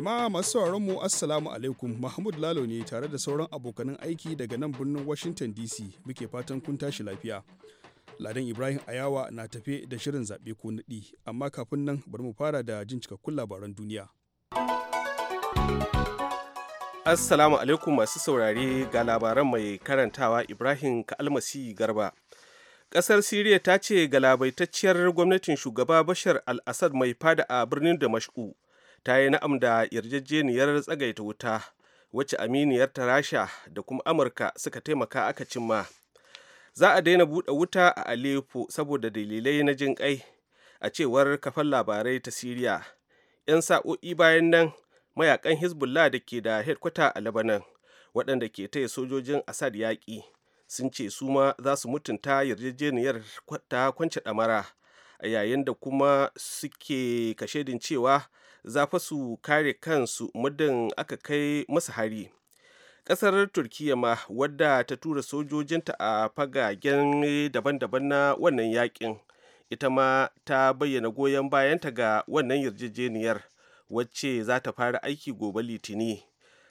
Jama'a masu sauraron mu Assalamu alaikum Mahmud Lalo ne tare da sauran abokanan aiki daga nan birnin Washington DC muke fatan kun tashi lafiya. Ladan Ibrahim Ayawa na tafe da shirin zaɓe ko naɗi amma kafin nan bari mu fara da jin cikakkun labaran duniya. Assalamu alaikum masu saurare ga labaran mai karantawa Ibrahim Kalmasi Garba. Ƙasar Siriya ta ce galabaitacciyar gwamnatin shugaba Bashar al-Assad mai fada a birnin Damashku. ta yi na'am da yarjejeniyar tsagaita wuta wacce aminiyar ta rasha da kuma amurka suka taimaka aka cimma za a daina buɗe wuta a aleppo saboda dalilai na jin kai a cewar kafan labarai ta siriya 'yan sa'o'i bayan nan mayakan hezbollah da ke da headkwata a labanan waɗanda ke taya sojojin assad yaƙi sun ce su ma za su mutunta yarjejeniyar ta kwance ɗamara a yayin da kuma suke kashedin cewa za fa su kare kansu muddin aka kai musu hari Ƙasar turkiya ma wadda ta tura sojojinta a fagagen daban-daban na wannan yakin ita ma ta bayyana goyon bayanta ga wannan yarjejeniyar wacce za ta fara aiki gobe litini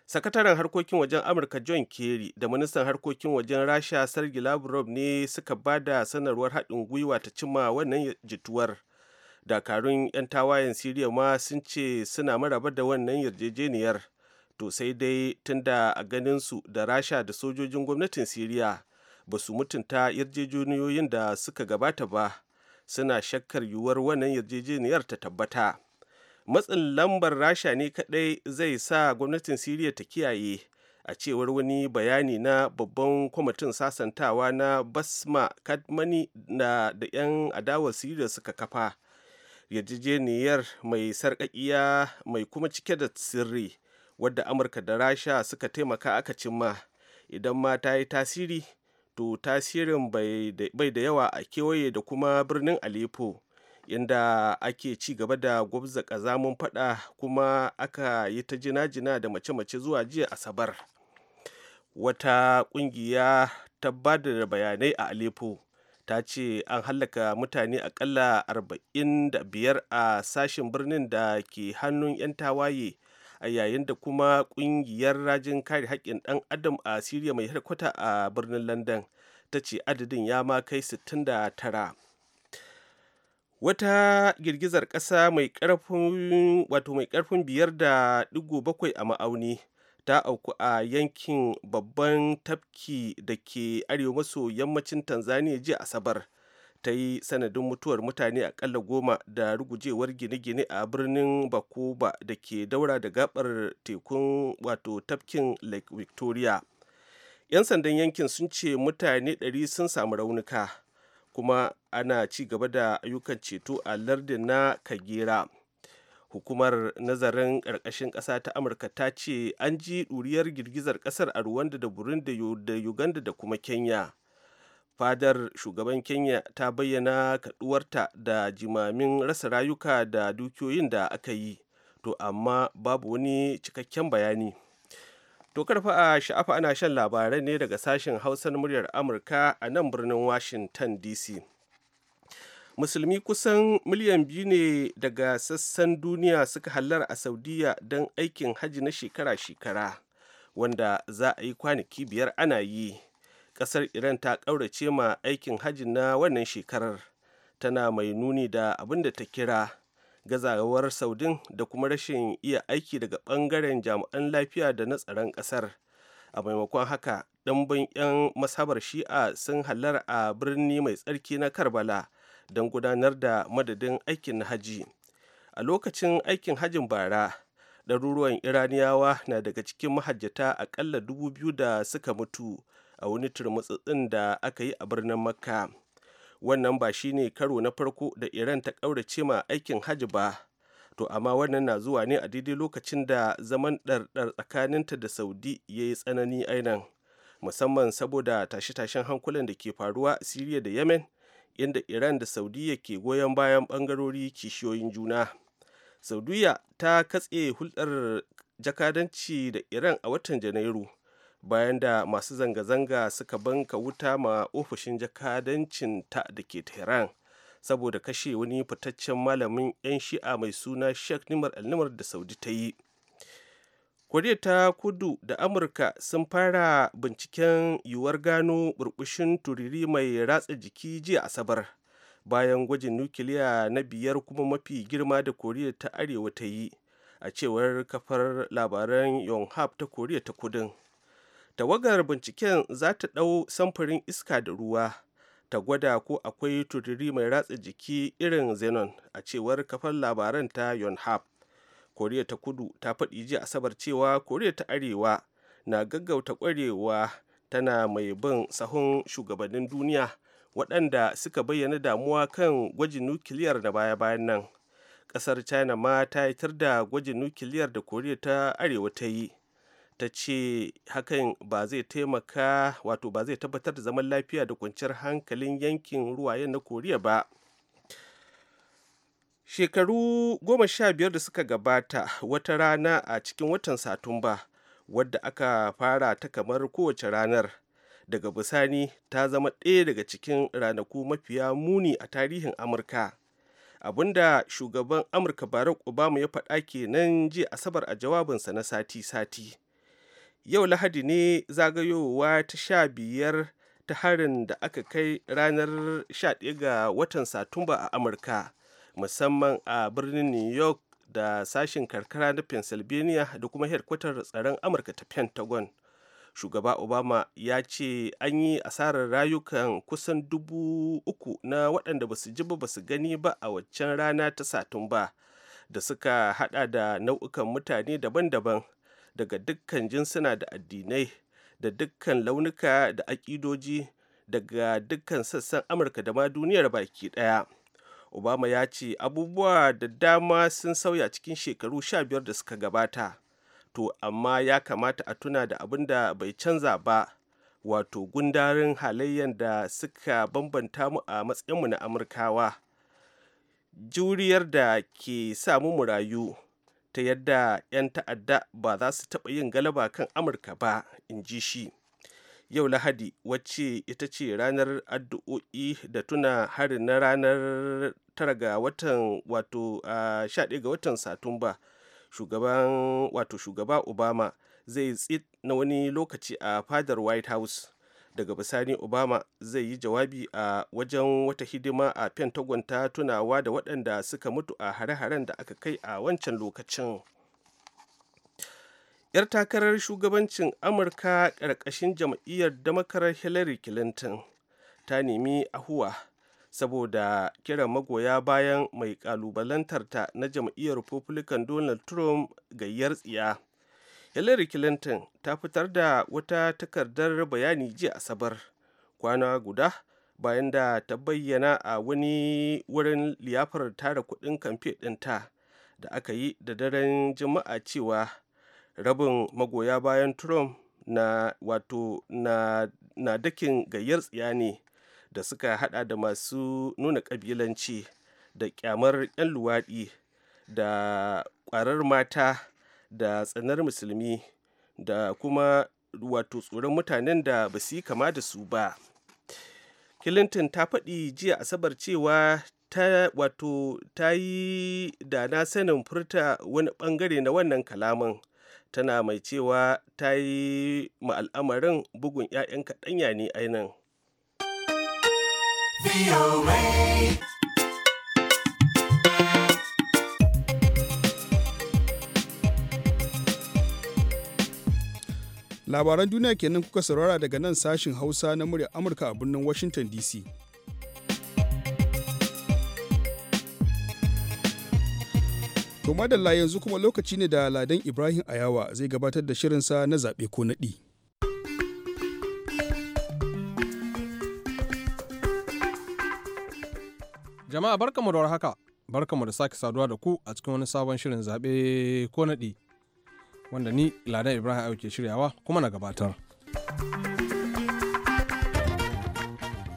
sakataren harkokin wajen amurka john kerry da ministan harkokin wajen rasha sergi lavrov ne suka ba da sanarwar haɗin gwiwa ta cimma wannan jituwar dakarun 'yan tawayen siriya ma sun ce suna maraba da wannan yarjejeniyar to sai dai tunda a ganin su da rasha da sojojin gwamnatin siriya ba su mutunta yarjejeniyoyin da suka gabata ba suna shakkar yiwuwar wannan yarjejeniyar ta tabbata matsin lambar rasha ne kadai zai sa gwamnatin siriya ta kiyaye a cewar wani bayani na babban kwamitin sasantawa na basma kadmani da 'yan adawar siriya suka kafa yarjejeniyar mai sarƙaƙiya mai kuma cike da sirri wadda amurka da rasha suka taimaka aka cimma idan ma ta yi tasiri to tasirin bai da yawa a kewaye da kuma birnin aleppo inda ake ci gaba da gwabza ƙazamin fada kuma aka yi ta jina-jina da mace-mace zuwa jiya asabar wata ƙungiya ta bada da bayanai a aleppo ta ce an hallaka mutane akalla 45 a sashen birnin da ke hannun 'yan tawaye a yayin da kuma kungiyar rajin kare haƙƙin ɗan adam a siriya mai harkwata a birnin london ta ce adadin ya ma kai 69 wata girgizar ƙasa mai ƙarfin mai biyar da digo bakwai a ma'auni ta auku a yankin babban tafki da ke arewa maso yammacin tanzania jiya asabar ta yi sanadin mutuwar mutane akalla goma da rugujewar gine-gine a birnin bakuba da ke daura da gabar tekun wato tafkin lake victoria 'yan sandan yankin sun ce mutane 100 sun samu raunuka kuma ana ci gaba da ayyukan ceto a lardin na kagera hukumar nazarin ƙarƙashin ƙasa ta amurka ta ce an ji ɗuriyar girgizar ƙasar a ruwanda da burundi da uganda da kuma kenya fadar shugaban kenya ta bayyana kaɗuwarta da jimamin rasa rayuka da dukiyoyin da aka yi to amma babu wani cikakken bayani to karfa a sha'afa ana shan labarai ne daga sashen hausan muryar amurka a nan birnin washington dc musulmi kusan miliyan biyu ne daga sassan duniya suka hallara a saudiya don aikin hajji na shekara-shekara wanda za a yi kwanaki biyar ana yi Ƙasar iran ta ƙaurace ma aikin hajji na wannan shekarar tana mai nuni da abin da ta kira gazawar saudin da kuma rashin iya aiki daga ɓangaren jami'an lafiya da na tsaron ƙasar a maimakon haka ɗanban 'yan masabar shi'a sun hallara a birni mai tsarki na karbala don gudanar da madadin aikin haji a lokacin aikin hajin bara ɗaruruwan iraniyawa na daga cikin mahajjata akalla dubu biyu da suka mutu a wani turmutsutsin da aka yi a birnin makka wannan ba shine karo na farko da iran ta ƙaurace ma aikin haji ba to amma wannan na zuwa ne a daidai lokacin da zaman ɗarɗar tsakaninta da saudi ya yi tsanani ainihin musamman saboda tashe-tashen hankulan da ke faruwa siriya da yemen inda iran da saudiya ke goyon bayan bangarori kishiyoyin juna saudiya ta katse hulɗar jakadanci da iran a watan janairu bayan da masu zanga-zanga suka banka wuta ma ofishin jakadancin ta da ke tehran saboda kashe wani fitaccen malamin 'yan shi'a mai suna sheikh nimar al-nimar da saudi ta yi koriya ta kudu da amurka sun fara binciken yiwuwar gano burbushin turiri mai ratsa jiki jiya asabar bayan gwajin nukiliya na biyar kuma mafi girma da koriya ta arewa ta yi a cewar kafar labaran yonhap ta koriya ta kudin tawagar binciken za ta ɗau samfurin iska da ruwa ta gwada ko akwai turiri mai ratsa jiki irin Zenon, a cewar kafar labaran ta yonhap koriya ta kudu ta faɗi jiya asabar cewa koriya ta arewa na gaggauta kwarewa tana mai bin sahun shugabannin duniya waɗanda suka bayyana damuwa kan gwajin nukiliyar da baya-bayan nan ƙasar china ma ta yitar da gwajin nukiliyar da koriya ta arewa ta yi ta ce hakan ba zai taimaka wato ba zai tabbatar da zaman lafiya da kwanciyar hankalin yankin ruwayen na koriya ba shekaru goma sha biyar da suka gabata wata rana a cikin watan satumba wadda aka fara ta kamar kowace ranar daga bisani ta zama ɗaya daga cikin ranaku mafiya muni a tarihin amurka abinda shugaban amurka Barak obama ya faɗa kenan jiya asabar a jawabinsa na sati-sati yau lahadi ne zagayowa ta sha biyar ta harin da aka kai ranar sha ɗaya ga watan satumba a amurka musamman a birnin new york da sashen karkara na pennsylvania da kuma hedkwatar tsaron amurka ta pentagon shugaba obama ya ce an yi asarar rayukan kusan dubu uku na waɗanda ba su ji ba su gani ba a waccan rana ta satumba da suka hada da nau'ukan mutane daban-daban daga dukkan jinsuna da addinai da dukkan launuka da aƙidoji daga dukkan sassan amurka da ma duniyar baki ɗaya. obama ya ce abubuwa da dama sun sauya cikin shekaru sha biyar da suka gabata to amma ya kamata a tuna da abin da bai canza ba wato gundarin halayyar da suka bambanta mu a matsayinmu na amurkawa juriyar da ke samu mu rayu ta yadda 'yan ta'adda ba za su taɓa yin galaba kan amurka ba in ji shi yau lahadi wacce ita ce ranar addu'o'i da tuna harin na ranar tara ga watan wato a ga watan satumba shugaban wato shugaba obama zai tsit na wani lokaci a fadar white house daga bisani obama zai yi jawabi a wajen wata hidima a pentagon ta tunawa da waɗanda suka mutu a hare-haren da aka kai a wancan lokacin. 'yar takarar shugabancin amurka ƙarƙashin jam'iyyar damakarar hillary clinton ta nemi ahuwa saboda kiran magoya bayan mai ƙalubalantarta na jam'iyyar republican donald trump gayyar tsiya hillary clinton ta fitar da wata takardar bayani jiya asabar kwana guda bayan da ta bayyana a wani wurin liyafar tara kuɗin kamfe ɗinta da aka yi da daren juma'a cewa rabin magoya bayan trump na wato na, na dakin gayyar tsiya ne da suka hada da masu nuna kabilanci da kyamar 'yan luwaɗi da ƙwarar mata da tsanar musulmi da kuma wato tsoron mutanen da ba su yi kama da su ba clinton ta faɗi jiya asabar cewa ta wato ta yi da na sanin furta wani ɓangare na wannan kalaman tana mai cewa ta yi ma al'amarin bugun 'ya'yan kaɗanya ne ainihin. Labaran duniya kenan kuka saurara daga nan sashin Hausa na murya Amurka a birnin Washington DC. To madalla yanzu kuma lokaci ne da Ladan Ibrahim Ayawa zai gabatar da shirinsa na zaɓe ko naɗi. Jama'a barkamu da warhaka, barkamu da sake saduwa da ku a cikin wani sabon shirin zaɓe ko naɗi wanda ni Ladan Ibrahim Ayawa ke shiryawa kuma na gabatar.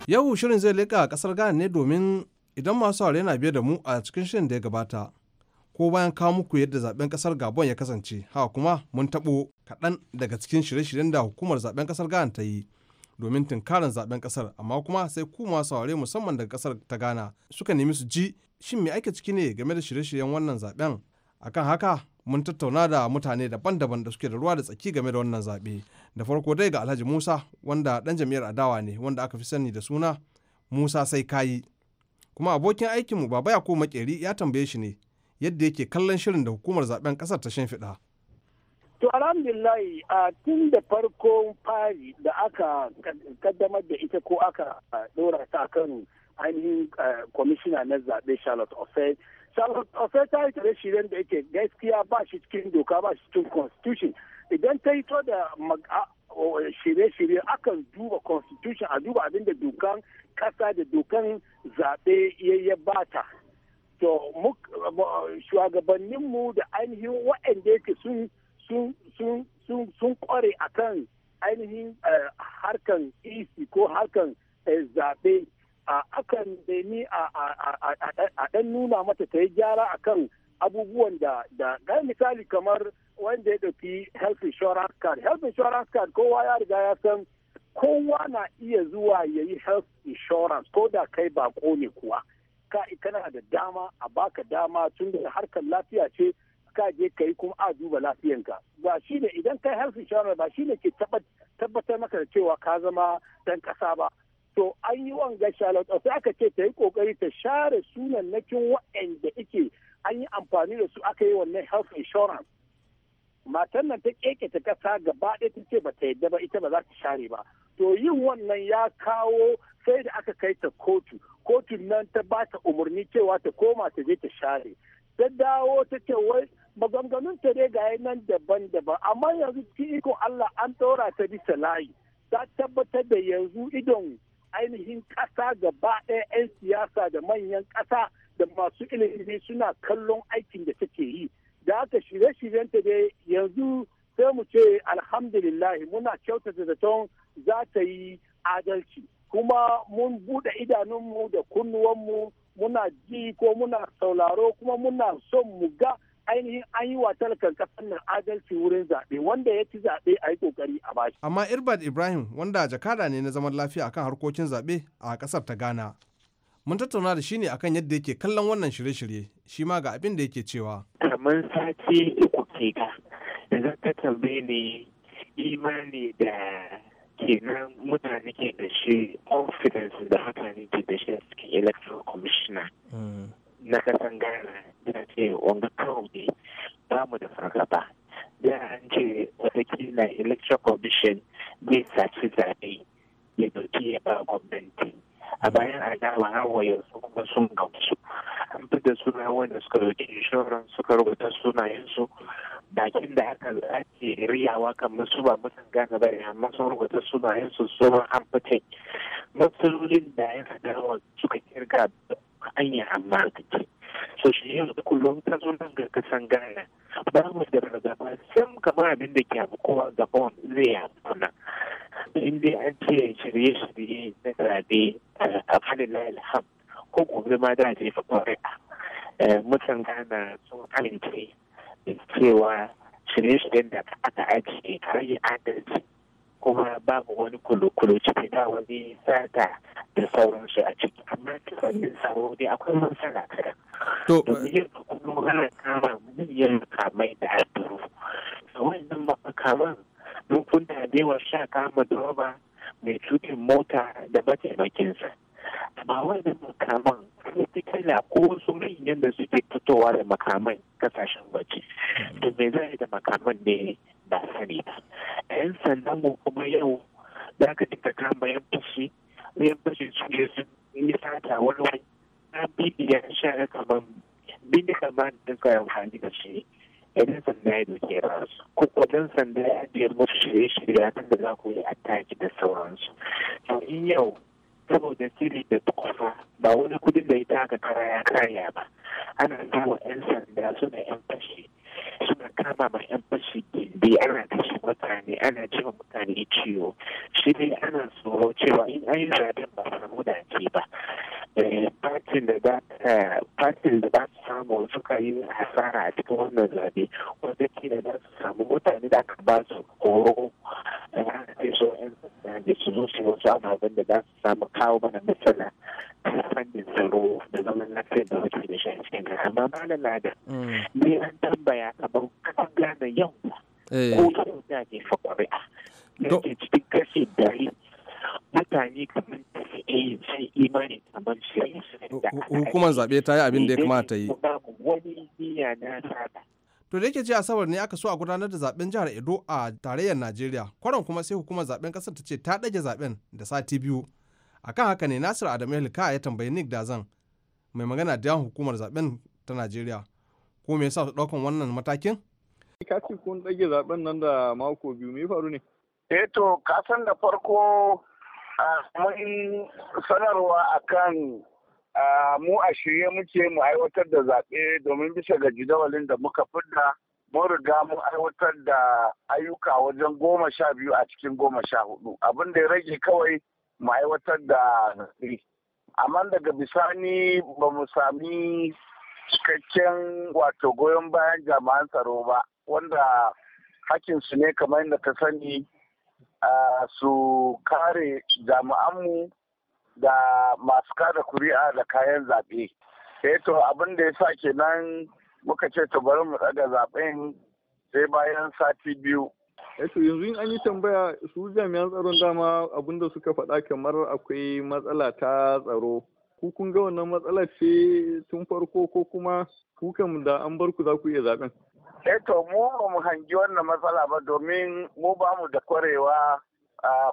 Yau shirin zai leƙa ƙasar Ghana ne domin idan masu na biye da mu a cikin shirin da ya gabata. ko bayan kawo muku yadda zaben kasar gabon ya kasance haka kuma mun taɓo kaɗan daga cikin shirye-shiryen da hukumar zaben kasar ghana ta yi domin tunkarin zaben kasar amma kuma sai ku masu saurare musamman daga kasar ta ghana suka nemi su ji shin me ake ciki ne game da shirye-shiryen wannan zaben akan haka mun tattauna da mutane daban-daban da suke da ruwa da tsaki game da wannan zaɓe da farko dai ga alhaji musa wanda dan jam'iyyar adawa ne wanda aka fi sani da suna musa sai kayi kuma abokin aikinmu baba ya ko makeri ya tambaye shi ne yadda yake kallon shirin da hukumar zaben kasar ta shimfiɗa. To alhamdulillah a tun da farko fari da aka kaddamar da ita ko aka ɗora ta kan ainihin kwamishina na zaɓe Charlotte Ofe. Charlotte Ofe ta yi tare shirin da yake gaskiya ba shi cikin doka ba shi cikin constitution. Idan ta yi to da shirye-shirye akan duba constitution a duba abin da dokan kasa da dokan zaɓe ya bata. to mu da ainihin waɗanda yake sun sun kware a kan ainihin eh, harkan isi e ko harkan eh, zaɓe akan nemi a ɗan nuna mata ta yi gyara akan abubuwan da da misali kamar wanda ya ɗauki health insurance card health insurance card kowa ya riga ya san kowa na iya zuwa ya yi health insurance ko da kai bako ne kuwa ka kana da dama a baka dama tun da harkar lafiya ce ka je ka yi kuma a duba lafiyanka ba shi ne idan ka health insurance ba shi ne ke tabbatar maka da cewa ka zama dan kasa ba to an yi gasha lauta sai aka ce ta yi kokari ta share sunan na kin waɗanda ike an yi amfani da su aka yi wannan health insurance matan nan ta keke ta kasa gaba ɗaya ta ce ba ta yadda ba ita ba za ta share ba to yin wannan ya kawo sai da aka kai ta kotu kotu nan ta ba ta umarni cewa ta koma ta je ta share ta dawo ta ce wai maganganun ta dai ga nan daban-daban amma yanzu cikin ikon Allah an ɗora ta bisa layi ta tabbatar da yanzu idon ainihin ƙasa gaba ɗaya 'yan siyasa da manyan ƙasa da masu ilimi suna kallon aikin da take yi da aka shirye-shiryenta dai yanzu sai mu ce alhamdulillah muna kyautata zaton za ta yi adalci kuma mun buɗe idanunmu da kunnuwanmu muna ji ko muna sauraro kuma muna son mu ga ainihin an yi wa talakan kasar nan adalci wurin zaɓe wanda ya ci zaɓe a yi ƙoƙari a bashi. Amma Irbad Ibrahim wanda jakada ne na zaman lafiya akan harkokin zaɓe a ƙasar ta Ghana. Mun tattauna da shi ne akan yadda yake kallon wannan shirye-shirye shi ma ga abin da yake cewa. Kamar sace uku ke ka, ka tambaye ne imani da kenan mutane ke da shi confidence da mutane ke da shi cikin electoral commissioner mm. na kasan ghana da ce wanga kawai ba mu da fargaba da an ce watakila electoral bane amma sun rubuta sunayen su sun ambatai matsalolin da ya faɗa suka kirga yi amma rikici so shi yau da kullum ta zo nan ga kasan ghana ba mu da fargaba sam kamar abin da ke abu kowa gabon zai abu kuna. in dai an ce shirye-shirye na zaɓe a fadin alham ko gobe ma da je fa ƙwari'a eh, mutan ghana sun amince cewa shirye-shiryen da aka ajiye har yi adal. kuma babu wani kulu-kulu ciki ba wani sata da sauransu a ciki amma ta fannin sauro dai akwai matsala kada to yin kuma ana kama miliyan kamai da hadduru da wannan makaman mun da yawa sha kama da mai cutin mota da mataimakinsa amma wannan makaman kala ko wasu manyan da suke fitowa da makaman kasashen waje da me zai da makaman ne ba sani ba 'yan sandan mu kuma yau za ka dinga kama yan fashi yan fashi su ne sun yi sata wani wani na bibiya sha kamar bindi kamar da ka amfani da shi idan sanda ya doke su ko kudin sanda ya je musu shirye-shirye tun da za ku yi attaki da sauransu to in yau saboda siri da tukufa ba wani kudin da ya taka kara ya karya ba ana kawo 'yan sanda suna 'yan fashi suna kama ma 'yan sabbi ana kashe mutane ana jima mutane ciwo shi dai ana tsoro cewa in an yi zaben ba samu da ba ba eh, fatin da ba su samu suka yi hasara a cikin wannan zabe wanda ke da za su samu mutane da aka ba su horo ana so yan da su zo su wasu ababen da za su samu kawo mana matsala ta fannin tsaro da zaman lafiyar da muke da shi a cikin amma malala da mm. ni an tambaya kamar kasan gane yau Eh. ko da ne fa ƙwari'a da ke cikin kashe dari mutane kamar da yi sai imani kamar hukumar zaɓe ta yi abin da ya kamata yi wani niyya na to da yake ce asabar ne aka so a gudanar da zaben jihar edo a tarayyar najeriya kwaron kuma sai hukumar zaben kasar ta ce ta ɗage zaben da sati biyu akan haka ne nasiru adamu yalika ya tambayi nick dazan mai magana da yawan hukumar zaben ta najeriya ko me yasa su ɗaukan wannan matakin Ka ce kun ɗage zaben nan da mako biyu me faru ne? Eh to ka san da farko mun sanarwa akan mu a shirye muke mu aiwatar da zaɓe domin bisa ga jidawalin da muka fidda mun riga mun aiwatar da ayyuka wajen goma sha biyu a cikin goma sha hudu abin da ya rage kawai mu aiwatar da zaɓe amma daga bisani ba mu sami cikakken wato goyon bayan jami'an tsaro ba wanda hakinsu ne kamar yadda ta sani su kare jami'anmu da masu kada kuri'a da kayan zaɓe. Eh to abin da ya sa kenan muka ce ta bari mu ɗaga zaɓen sai bayan sati biyu. Eh to yanzu in an yi tambaya su jami'an tsaron dama abin da suka faɗa kamar akwai matsala ta tsaro. Ku ga wannan matsala ce tun farko ko kuma kukan da an bar ku za ku iya zaɓen? Eh to mu ba mu hangi wannan matsala ba domin mu ba mu da kwarewa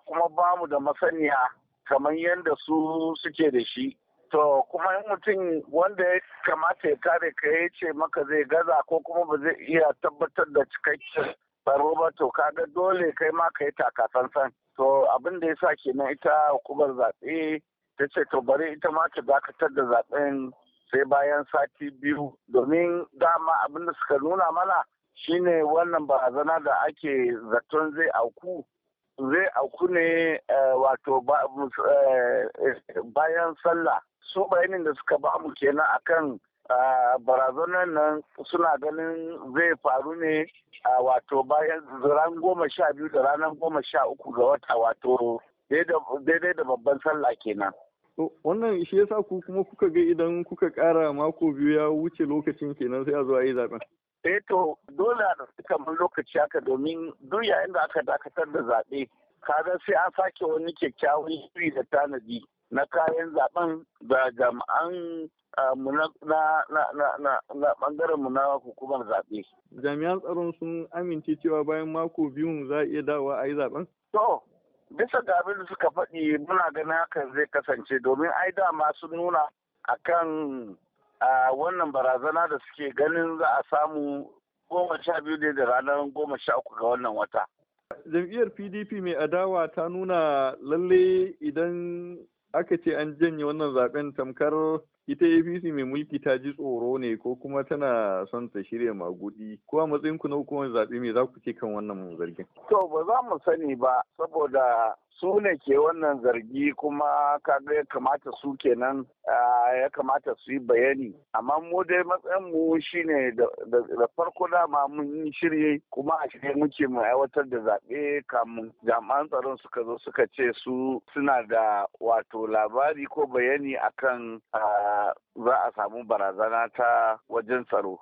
kuma ba mu da masaniya kamar yadda su suke da shi. To kuma mutum wanda ya kamata ya kare ka ya ce maka zai gaza ko kuma ba zai iya tabbatar da cikakken tsaro ba to kaga dole kai ma ka yi san To abin da ya sa kenan ita hukumar zaɓe ta ce to bari ita ma ta dakatar da zaɓen sai bayan sati biyu domin dama abin da suka nuna mana shine wannan barazana da ake zaton zai auku zai auku ne eh, wato eh, bayan sallah su bayanin da suka ba mu kenan akan ah, barazanar nan suna ganin zai faru ne ah, wato bayan ran goma sha biyu da ranar goma sha uku ga wata wato daidai da babban sallah kenan wannan shi yasa ku kuma kuka ga idan kuka ƙara mako biyu ya wuce lokacin kenan sai a zo a yi zaɓen. eh to dole a kamar lokaci haka domin duk yayin da aka dakatar da zaɓe kaga sai an sake wani kyakkyawan shiri da tanadi na kayan zaɓen da jami'an mu na bangaren mu na hukumar zaɓe. Jami'an tsaron sun amince cewa bayan mako biyun za a iya dawa a yi zaɓen? To, bisa ga abin da suka faɗi muna ganin hakan zai kasance domin ai dama sun nuna akan wannan barazana da suke ganin za a samu goma sha biyu ne da ranar goma sha uku ga wannan wata. Jam'iyyar PDP mai adawa ta nuna lalle idan aka ce an janye wannan zaben tamkar ita apc mai mulki ta ji tsoro ne ko kuma tana son ta shirya magudi ko a matsayin ku na hukumar zaɓe me za ku ce kan wannan zargin to ba za mu sani ba saboda su ne ke wannan zargi kuma kaga ya kamata su kenan ya kamata su yi bayani amma mu dai matsayin mu shine da farko dama mun yi shirye kuma a shirye muke mu aiwatar da zaɓe kamun jami'an tsaron suka zo suka ce su suna da wato labari ko bayani akan za a samu barazana ta wajen tsaro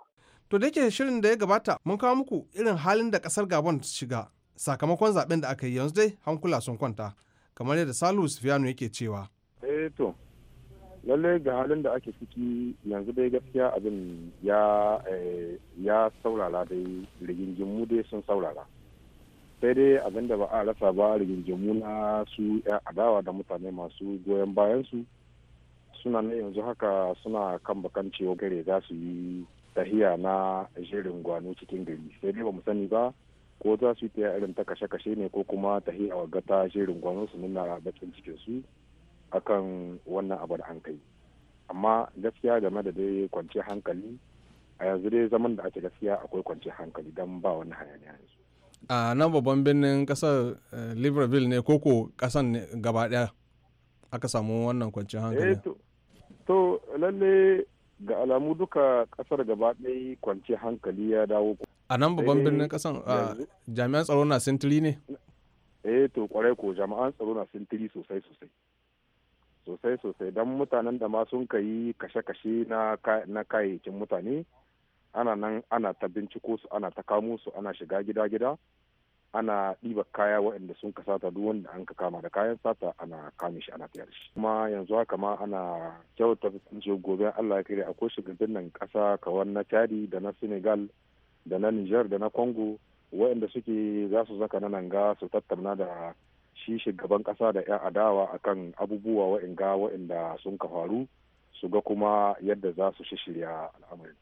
To da yake shirin da ya gabata mun kawo muku irin halin da kasar Gabon shiga sakamakon zaben da aka yi yanzu dai hankula sun kwanta kamar yadda salu sufiyanu yake cewa eh to lallai ga halin da ake ciki yanzu dai gaskiya abin ya eh, saurara dai rigingimu dai sun saurara sai dai abin da ba a rasa ba rigingimu na su ya adawa da mutane masu goyon bayan su suna na yanzu haka suna kan bakan cewa gare za su yi tahiya na jerin gwano cikin gari sai dai ba mu sani ba ko za su yi ta irin ta kashe-kashe ne ko kuma ta hiya wa gata shirin gwamnati su nuna bakin cikin su akan wannan abu da an kai amma gaskiya game da dai kwanciyar hankali a yanzu dai zaman da ake gaskiya akwai kwanciyar hankali don ba wani hayaniya yanzu a nan babban birnin kasar eh, libreville ne koko kasan gaba daya aka samu wannan kwanciyar hankali eh, to lalle ga alamu duka kasar gaba daya kwanciyar hankali ya dawo a nan babban birnin eh, kasan jami'an tsaro na sintiri ne eh to kwarai ko jami'an tsaro na sintiri sosai sosai sosai sosai don mutanen da ma sun kayi kashe-kashe na kayayyakin mutane ana nan ana ta binciko su ana ta kamo su ana shiga gida-gida ana ɗiba kaya waɗanda sun ka sata duk wanda an ka kama da kayan sata ana kame shi ana da shi kuma yanzu haka ma ana kyauta gobe Allah ya kare akwai shugabannin ƙasa kawar na Chadi da na Senegal da na niger da na congo waɗanda suke za su zaka na nanga su tattauna da shi shugaban ƙasa da 'yan adawa akan abubuwa wa'inga waɗanda sun ka faru su ga kuma yadda za su shirya al'amarin.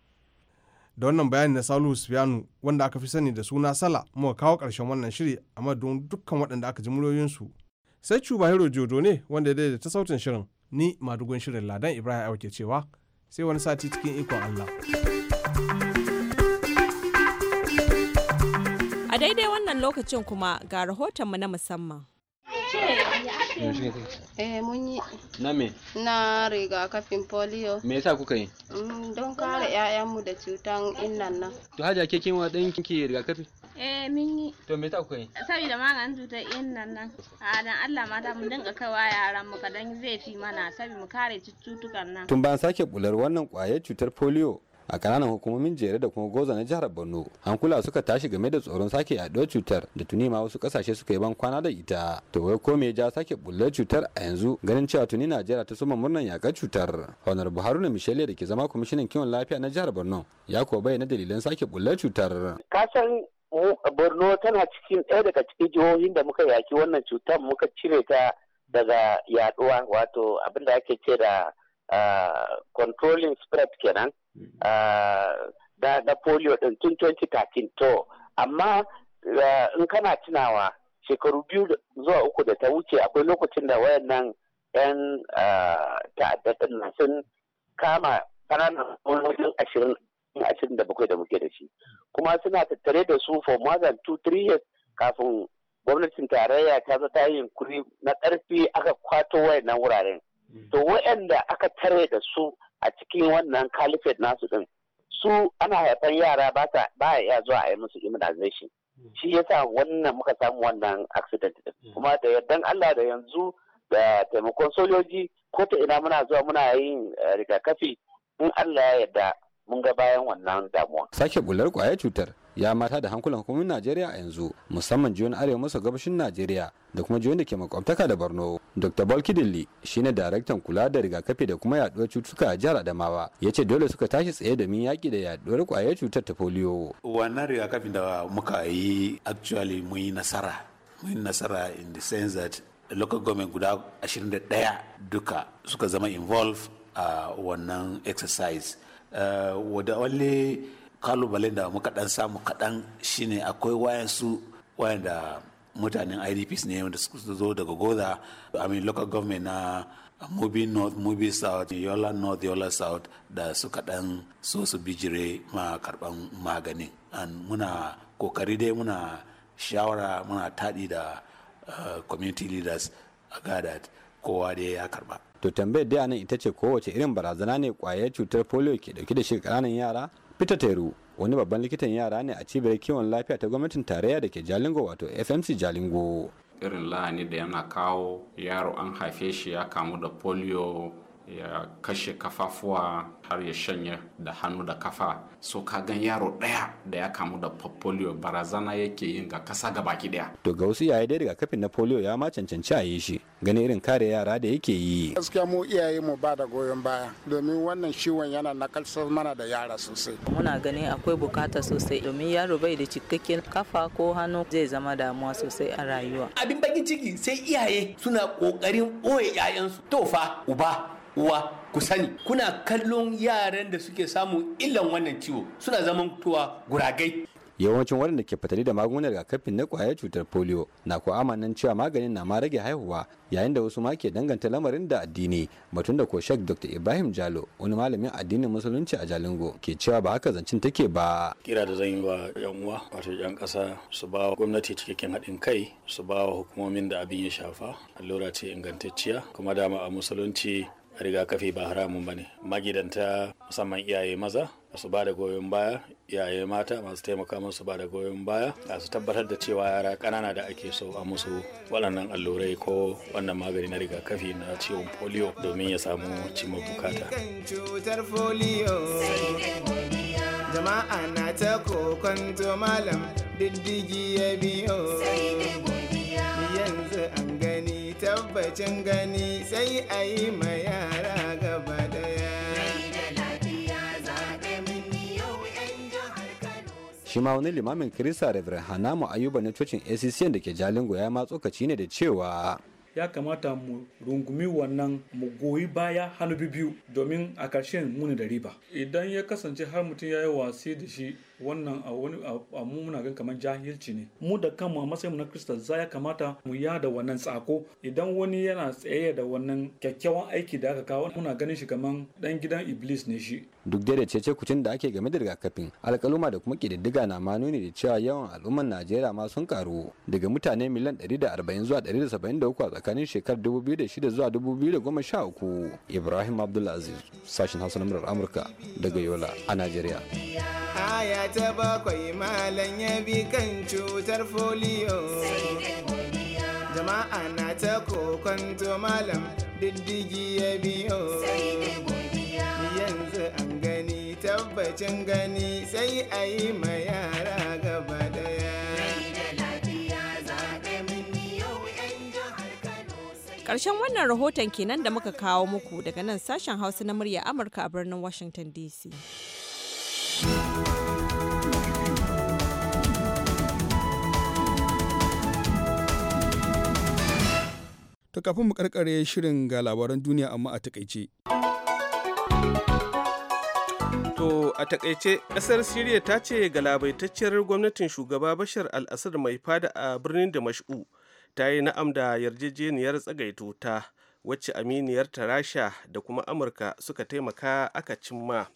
da wannan bayani na salu sufiyanu wanda aka fi sani da suna sala muka kawo ƙarshen wannan shiri amma don dukkan waɗanda aka ji muryoyinsu sai cuba hero jodo ne wanda ya daidaita sautin shirin ni madugun shirin ladan ibrahim ke cewa sai wani sati cikin ikon allah. A daidai wannan lokacin kuma ga rahotonmu na musamman. Eh mun yi. Na me? Na riga kafin polio. Me yasa kuka yi? Mm, don kare 'ya'yanmu da cutan innan nan. To haja ke kin wa dan kinki riga kafi Eh mun yi. To me yasa kuka yi? Saboda maganin cutan innan nan. A dan Allah mata mun dinga kaiwa yaran mu kadan zai fi mana saboda mu kare cututtukan nan. Tun ban sake bular wannan ƙwayar cutar polio a kananan hukumomin jere da kuma goza na jihar borno hankula suka tashi game da tsoron sake yaduwar cutar da tuni ma wasu kasashe suka yi ban kwana da ita to wai ko me ja sake bullar cutar a yanzu ganin cewa tuni najeriya ta suma murnan yakar cutar buhari haruna mishele da ke zama kwamishinan kiwon lafiya na jihar borno ya kuwa bayyana dalilan sake bullar cutar kasan borno tana cikin ɗaya daga cikin jihohin da muka yaki wannan cutar muka cire ta daga yaduwa wato abin da ake ce da Ah, controlling spread kenan mm-hmm. ah, da na polio din tun 2013 to amma ah, in kana tunawa shekaru biyu zuwa uku da ta wuce akwai lokacin da wayannan 'yan ta'addadin na sun kama kananan wajen ashirin ashirin da bakwai da muke da shi kuma suna tattare da su for more than two three years kafin gwamnatin tarayya ta zo ta kuri na ƙarfi aka kwato wayannan wuraren to waɗanda aka tare da su a cikin wannan caliphate nasu din su ana haifar yara ba a ba ya zuwa a yi musu immunization hmm. shi yasa wannan muka samu wannan accident din hmm. kuma da yardan Allah da yanzu da taimakon sojoji ko ta ina muna zuwa muna yin eh, rigakafi in Allah ya yarda mun ga bayan wannan damuwa sake bular kwaya cutar ya mata da hankulan hukumomin najeriya a yanzu musamman jiyon arewa masa gabashin najeriya da kuma jiyon da ke makwabtaka da borno dr shi shine daraktan kula da rigakafi da kuma yaduwar cutuka a jihar adamawa ya ce dole suka tashi tsaye domin yaki da yaduwar kwayar cutar ta polio wannan rigakafin da muka yi actually mun yi nasara mun yi nasara in the sense that local government guda 21 duka suka zama involved a wannan exercise uh, wada wale, kalubalen da muka dan samu kaɗan shine akwai wayansu da mutanen idps ne wanda suka zo daga goza i mean local government na mubi north mubi south yola north yola south da suka dan so su bijire ma karban maganin an muna kokari dai muna shawara muna taɗi da uh, community leaders a gada kowa dai ya karba to tambayar dai nan ita ce kowace irin barazana ne kwayar cutar polio ke dauke da shi ƙananan yara Peter Teru wani babban likitan yara ne a cibiyar kiwon lafiya ta gwamnatin tarayya da ke Jalingo wato FMC Jalingo. Irin lahani da yana kawo yaro an haife shi ya kamu da polio ya kashe kafafuwa har ya shanye da hannu da kafa so ka gan yaro daya da ya kamu da polio barazana yake yin ga kasa ga baki daya to ga wasu yaya dai rigakafin na polio ya ma cancanci a yi shi gani irin kare yara da yake yi gaskiya mu iyaye mu ba da goyon baya domin wannan ciwon yana nakalsar mana da yara sosai muna gani akwai bukata sosai domin yaro bai da cikakken kafa ko hannu zai zama damuwa sosai a rayuwa abin bakin ciki sai iyaye suna kokarin boye 'ya'yansu to fa uba uwa ku sani kuna kallon yaran da suke samu illan wannan ciwo suna zaman tuwa guragai yawancin waɗanda ke fatali da magungunan rigakafi na kwaya cutar polio na ko amanan cewa maganin na ma rage haihuwa yayin da wasu ma ke danganta lamarin da addini batun da ko shek dr ibrahim jalo wani malamin addinin musulunci a jalingo ke cewa ba haka zancen take ba kira da zan yi wa yan uwa wato yan kasa su ba wa gwamnati cikakken haɗin kai su ba wa hukumomin da abin ya shafa allura ce ingantacciya kuma dama a musulunci rigakafi ba haramun ba ne magidanta musamman iyaye maza su ba da goyon baya iyaye mata masu taimaka musu ba goyon baya a su tabbatar da cewa yara kanana da ake so a musu waɗannan allurai ko wannan magani na rigakafi na ciwon polio domin ya samu cimma bukata jama'a na ta kokon malam diddigi ya biyo tabbacin gani sai a yi ma yara gaba daya. shi ma wani limamin kirista rev hanamu ayuba na cocin accn da ke jalingo ya ma tsokaci ne da cewa ya kamata mu rungumi wannan mu goyi baya hannu biyu domin a ƙarshen muni da riba idan ya kasance har mutum ya yi wasi da shi wannan a wani a mu muna gan kamar jahilci ne mu da kanmu a matsayin mu na krista za ya kamata mu da wannan tsako idan wani yana tsaye da wannan kyakkyawan aiki da aka kawo muna ganin shi kamar dan gidan iblis ne shi duk da cece kucin da ake game da rigakafin alkaluma da kuma kididdiga na ma nuni da cewa yawan al'umman najeriya ma sun karu daga mutane miliyan 140 zuwa 173 a tsakanin shekarar 2006 zuwa 2013 ibrahim abdulaziz sashen hausa na murar amurka daga yola a najeriya ta bakwai malam ya bi kan cutar foliyo. Jama'a na ta kokonto malam diddigi ya biyo. Yanzu an gani tabbacin gani sai a yi ma yara gaba daya. Ƙarshen wannan rahoton kenan da muka kawo muku daga nan sashen Hausa na murya Amurka a birnin Washington DC. To kafin mu karkare shirin ga labaran duniya amma a takaice. To a takaice kasar Siriya ta ce galabaitacciyar gwamnatin shugaba Bashar al-Assad mai fada a birnin da mash'u ta yi na'am da yarjejeniyar tsagaito ta wacce aminiyar Rasha da kuma Amurka suka taimaka aka cimma.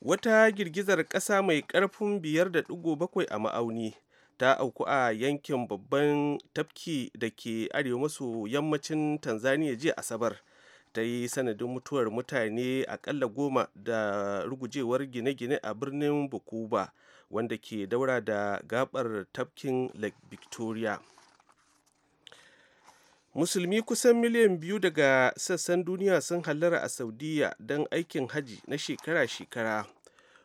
Wata girgizar ƙasa mai ƙarfin biyar da bakwai a ma'auni ta auku a yankin babban tafki da ke arewa maso yammacin tanzania jiya asabar ta yi sanadin mutuwar mutane akalla goma da rugujewar gine-gine a birnin bukuba wanda ke daura da gabar tafkin lake victoria musulmi kusan miliyan biyu daga sassan duniya sun hallara a saudiya don aikin hajji na shekara-shekara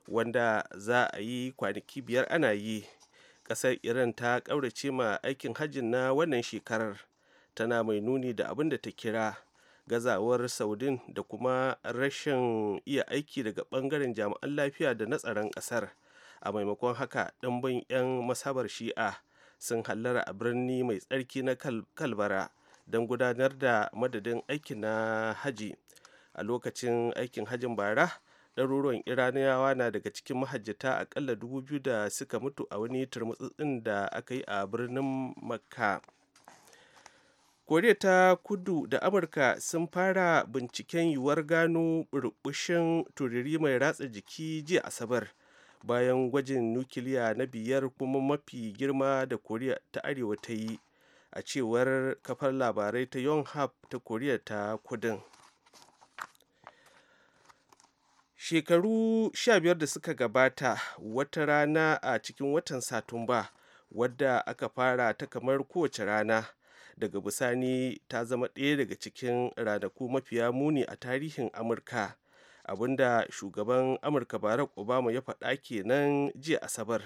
wanda za a yi kwanaki biyar ana yi ƙasar iran ta ƙaurace ma aikin hajjin na wannan shekarar tana mai nuni da abin da ta kira gazawar saudin da kuma rashin iya aiki daga ɓangaren jami'an lafiya da na tsaron ƙasar a maimakon haka ɗimbin 'yan masabar shi'a sun hallara a birni mai tsarki na kalbara don gudanar da madadin aiki na haji a lokacin aikin hajjin bara ɗaruruwan iraniyawa na daga cikin mahajjata akalla dubu biyu da suka mutu a wani turmutsutsin da aka yi a birnin makka koriya ta kudu da amurka sun fara binciken yiwuwar gano burbushin turiri mai ratsa jiki jiya asabar bayan gwajin nukiliya na biyar kuma mafi girma da koriya ta arewa ta yi a cewar kafar labarai ta yonhap ta koriya ta kudin shekaru sha biyar da suka gabata wata rana a cikin watan satumba wadda aka fara ta kamar kowace rana daga bisani ta zama ɗaya daga cikin ranaku mafiya muni a tarihin amurka abinda shugaban amurka barack obama ya faɗa kenan jiya asabar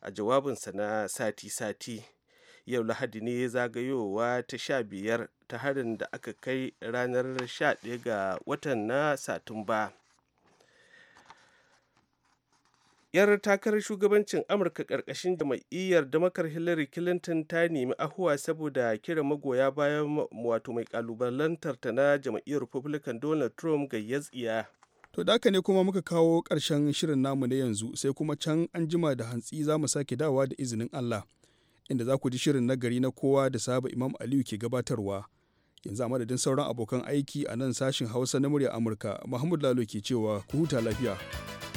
a jawabinsa na sati-sati yau lahadi ne zagayowa ta sha biyar ta harin da aka kai ranar sha ɗaya ga watan na satumba yar takarar shugabancin amurka karkashin jam'iyyar damakar hillary clinton ta nemi ahuwa saboda kira magoya bayan wato mai kalubalantar ta na jam'iyyar republican donald trump ga yatsiya to da ne kuma muka kawo karshen shirin namu na yanzu sai kuma can an jima da hantsi za mu sake dawa da izinin allah inda za ku ji shirin na gari na kowa da saba imam aliyu ke gabatarwa yanzu a madadin sauran abokan aiki a nan sashin hausa na murya amurka mahmud lalo ke cewa ku huta lafiya